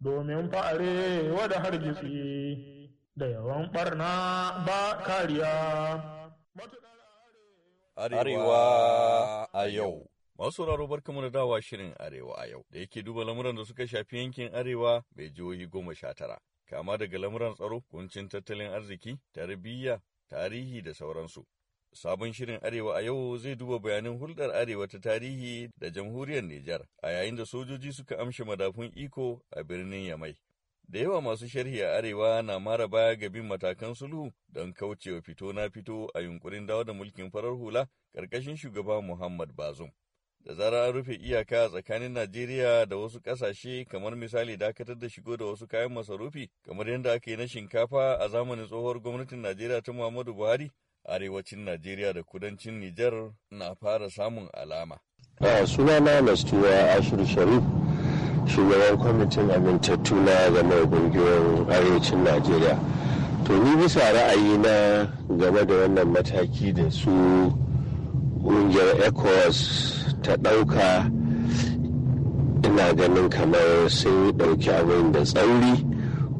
domin fa'are wada hargitsi da yawan ɓarna ba kariya. Arewa a yau Masu raro barkamu da dawa shirin Arewa a yau da yake duba lamuran da suka shafi yankin Arewa mai jihohi goma sha tara. Kama daga lamuran tsaro, kuncin tattalin arziki, tarbiyya, tarihi da sauransu. Sabon shirin Arewa a yau zai duba bayanin hulɗar Arewa ta tarihi da jamhuriyar Nijar a yayin da sojoji suka amshe madafun iko a birnin Yamai. Da yawa masu sharhi a Arewa na mara baya ga bin matakan sulhu don kaucewa fito na fito a yunkurin dawo da mulkin farar hula ƙarƙashin shugaba Muhammad Bazum. Da zarar an rufe iyaka tsakanin Najeriya da wasu ƙasashe kamar misali dakatar da shigo da wasu kayan masarufi kamar yadda aka yi na shinkafa a zamanin tsohuwar gwamnatin Najeriya ta Muhammadu Buhari arewacin Najeriya da kudancin Nijar na fara samun alama. A Sunana Nastuwa Ashir Sharif, shugaban kwamitin amintattu na game kungiyoyin arewacin Najeriya. To ni bisa ra'ayi na game da wannan mataki da su ƙungiyar ECOWAS ta ɗauka ina ganin kamar sun ɗauki abin da tsauri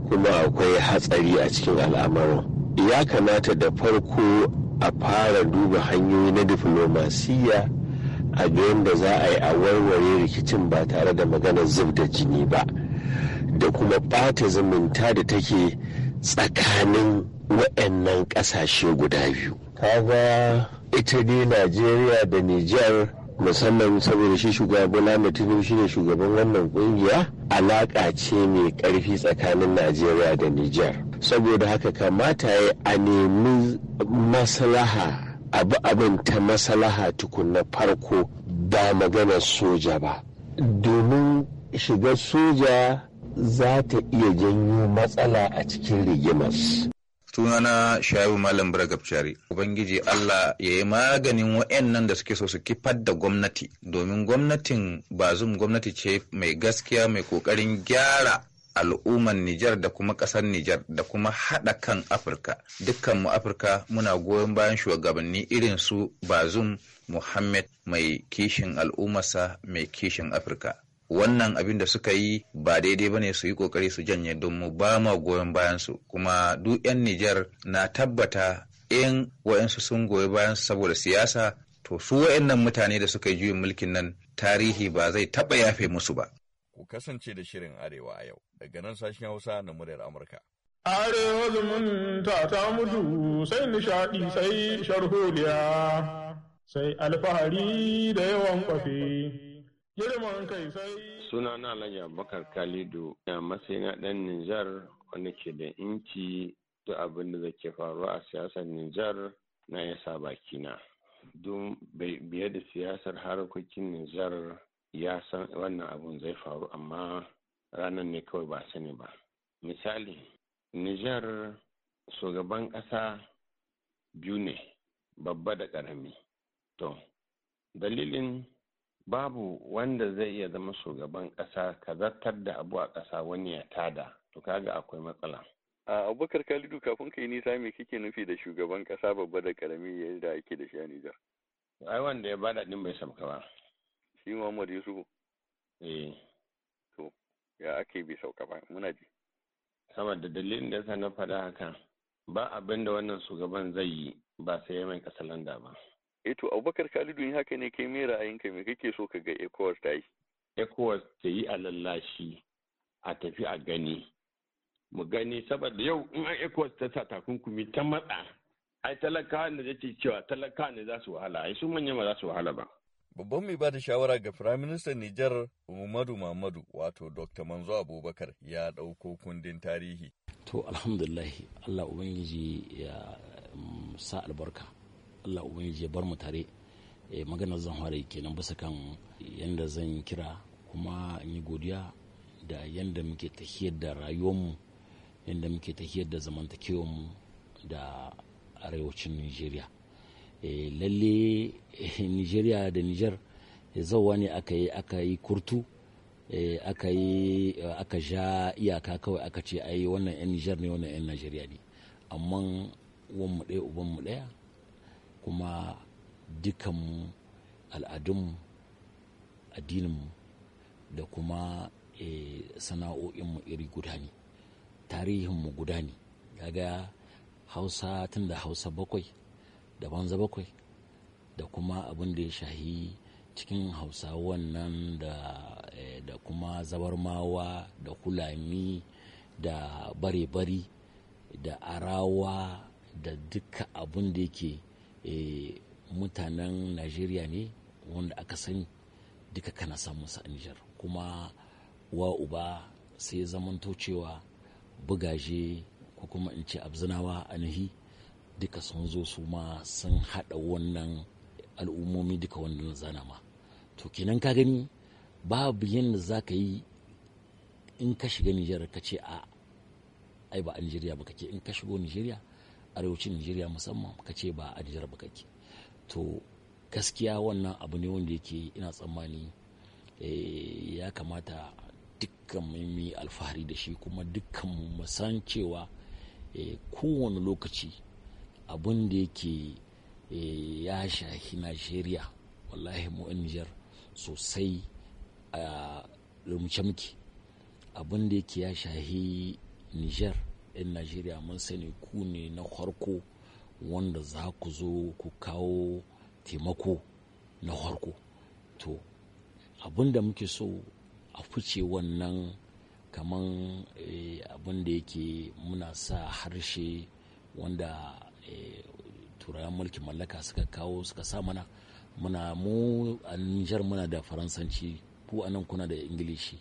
kuma akwai hatsari a cikin al'amarin. ya kamata da farko a fara duba hanyoyi na diflomasiyya a da za a yi a warware rikicin ba tare da maganar zub da jini ba da kuma bata zumunta da take tsakanin waɗannan ƙasashe guda biyu kaga ita ne najeriya da niger. musamman saboda shi shugaban bola mai shine shugaban wannan kungiya alaƙa ce mai ƙarfi tsakanin najeriya da niger saboda haka kamata ya a nemi maslaha abu abin ta maslaha tukun na farko ba maganar soja ba domin shiga soja za ta iya janyo matsala a cikin rigimas sunana shayu malam gabciyari ubangiji allah ya yi maganin wa'annan da suke so su kifar da gwamnati domin gwamnatin bazum gwamnati ce mai gaskiya mai kokarin gyara al'umman Nijar da kuma ƙasar Nijar da kuma haɗa kan Afirka. Dukkanmu Afirka muna goyon bayan shugabanni irin su Bazum Muhammad mai kishin al'ummarsa mai kishin Afirka. wannan abin da suka yi ba daidai bane su yi kokari su janye don mu ba ma goyon bayan su kuma duk yan Nijar na tabbata in wa'yansu sun goyi bayan su saboda siyasa to su wa'yannan mutane da suka yi juyin mulkin nan tarihi ba zai taɓa yafe musu ba. Ku kasance da shirin Arewa a yau daga nan sashen Hausa na muryar Amurka. Arewa zumunta ta mutu sai nishaɗi sai sharholiya sai alfahari da yawan kwafi. Suna na Alhaji Abubakar Kalidu ya na ɗan Nijar wanda ke da inci da abin da zake faru a siyasar Nijar na ya sa bakina. Don biye da siyasar harkokin Nijar ya san wannan abun zai faru amma ranar ne kawai ba sani ba. Misali, Nijar shugaban ƙasa biyu ne babba da ƙarami. To, dalilin babu wanda zai iya zama shugaban ƙasa ka zartar da abu a ƙasa wani ya tada to kaga akwai matsala a abubakar kalidu kafin ka yi nisa me kike nufi da shugaban ƙasa babba da karami yadda ake da shi a nijar ai wanda ya bada din bai sauka ba shi muhammad yusufu eh to ya ake bai sauka ba muna ji da dalilin da yasa na faɗa haka ba abin da wannan shugaban zai yi ba sai ya mai landa ba eh to abubakar khalidu in haka ne kai me ra'ayinka me kake so ka ga ecowas ta yi ecowas ta yi a lallashi a tafi a gani mu gani saboda yau in an ecowas ta sa takunkumi ta matsa ai talakawa ne da cewa talakawa ne za su wahala ai su manya ba za su wahala ba babban mai bada shawara ga firaministan Nijar Muhammadu mamadu wato Dr. Manzo Abubakar ya ɗauko kundin tarihi. To alhamdulillah Allah Ubangiji ya mm, sa albarka. Allah ubangiji ya bar mu tare eh, maganar zan fara kenan bisa kan yadda zan kira kuma in yi godiya da yadda muke tafiyar da rayuwarmu yadda muke tafiyar da zamantakewarmu da arewacin Nigeria eh, lalle eh, Nigeria da Niger zauwa ne aka yi aka yi kurtu aka yi aka ja iyaka kawai aka ce ai wannan 'yan niger ne wannan 'yan Najeriya ne amma wanmu ɗaya ubanmu ɗaya kuma dukan al'adunmu addininmu da kuma e, sana'o'inmu iri guda ne tarihinmu guda ne kaga hausa tun da hausa bakwai da banza bakwai da kuma abin da ya shahi cikin hausa wannan da, e, da kuma zabarmawa da kulami da bare-bari da arawa da duka abin da yake Eh, mutanen najeriya ne wanda aka sani duka kana samun sa a nijar kuma wa uba sai zamanto cewa bugaje ko kuma in ce abzinawa a nahi duka sun zo su ma sun haɗa wannan al'ummomi duka wannan zana ma to kenan ka gani babu yadda za ka yi in ka shiga nijar ka ce a ai ba a nijeriya ba kake in ka shigo nijeriya arewacin nigeria musamman ka ce ba a Nijar ba kake to gaskiya wannan abu ne wanda yake ina tsammani eh, ya kamata dukkan mai alfahari da shi kuma dukkan mu san cewa eh, kowane lokaci abin da yake eh, ya shahi nigeria wallahi mu Nijar sosai a ah, rumce muke abin da yake ya shahi Nijar 'yan najeriya mun sani ku ne na farko wanda za ku zo ku kawo taimako na farko to abin da muke so a fice wannan kaman eh, abin da yake muna sa harshe wanda eh, turayen mulkin mallaka suka kawo suka sa mana muna mu a nijar muna da faransanci ku anan kuna da ingilishi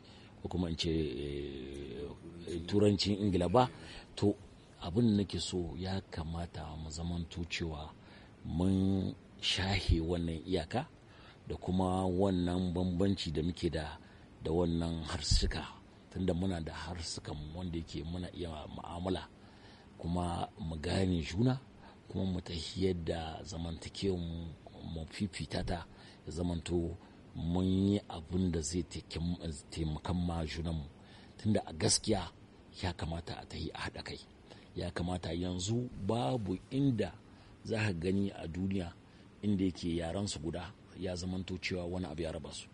ko kuma in ce eh, eh, turancin ingila ba to abin da nake so ya kamata mu zamanto cewa mun shahe wannan iyaka da kuma wannan bambanci da muke da da wannan harsuka tunda muna da harsukan wanda yake muna iya ma'amala kuma mu gane juna kuma mu tahiyar da zamantakewa mu fifita ta ya zamanto mun yi abin da zai taimakon ma tunda a gaskiya ya kamata a ta yi a haɗa kai ya kamata yanzu babu inda za ka gani a duniya inda yake yaransu guda ya zamanto cewa wani abu ya raba su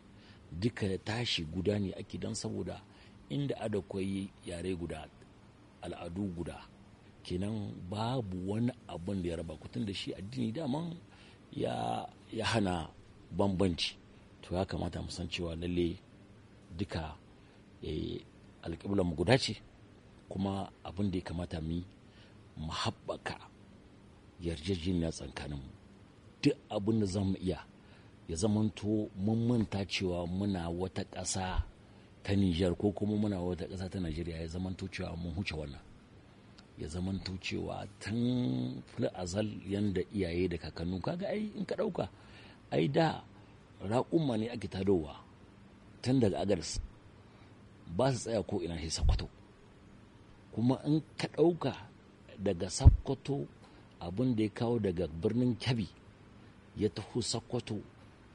duka tashi guda ne ake don saboda inda da kwai yare guda al'adu guda kenan babu wani abun da ya raba ku tunda shi addini daman ya, ya hana bambanci to ya kamata mu san cewa lalle duka eh, alƙiblar mu guda ce kuma abin da ya kamata mu mu haɓaka yarjejeniya mu duk abin da zamu iya ya zamanto mun manta cewa muna wata ƙasa ta Nijar ko kuma muna wata ƙasa ta Najeriya ya zamanto cewa mun huce wannan ya zamanto cewa tun fil azal yanda iyaye da kakannu kaga ai in ka ɗauka ai da raƙumma ne ake tadowa tun daga agaris ba su tsaya ko ina sai sakwato kuma in ka ɗauka daga sakwato abin da ya kawo daga birnin kyabi ya taho sakwato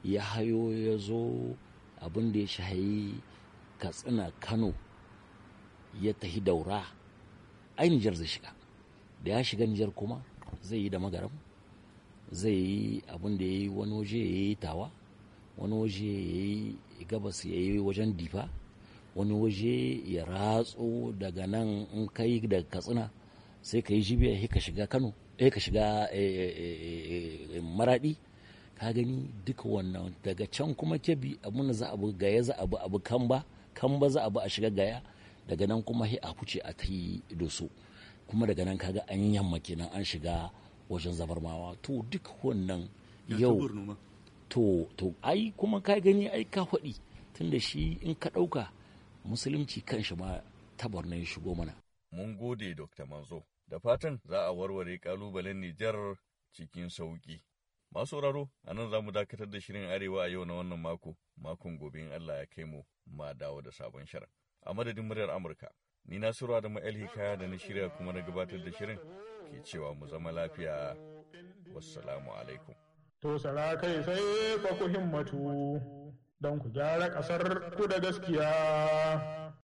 ya hayo ya zo abin da ya shahayi katsina kano ya tahi daura ai nijar zai shiga da ya shiga nijar kuma zai yi da magaram zai yi abin da ya yi wani waje ya yi tawa wani waje ya yi gabas ya yi wajen difa wani waje ya ratso daga nan in kai daga katsina sai ka yi jibiya sai ka shiga kano eh, ka shiga eh, eh, maradi ka gani duka wannan daga can kuma kebi na za abu gaya za abu abu kamba kamba za abu a shiga gaya daga nan kuma sai a fice a ta yi doso kuma daga nan kaga an yamma kenan an shiga wajen zabarmawa to duk wannan yau to to ai kuma ka gani ai ka faɗi tunda shi in ka ɗauka musulunci kan shi ma tabar ya shigo mana mun gode dr manzo da fatan za a warware kalubalen nijar cikin sauƙi. masu sauraro a nan za mu dakatar da shirin arewa a yau na wannan mako makon gobe in allah ya kai mu ma dawo da sabon shirin a madadin muryar amurka ni na surwa da ma'ali kaya da na shirya kuma na gabatar da shirin ke cewa mu zama lafiya wassalamu alaikum To kai sai fa ku himmatu don ku gyara ƙasar ku da gaskiya.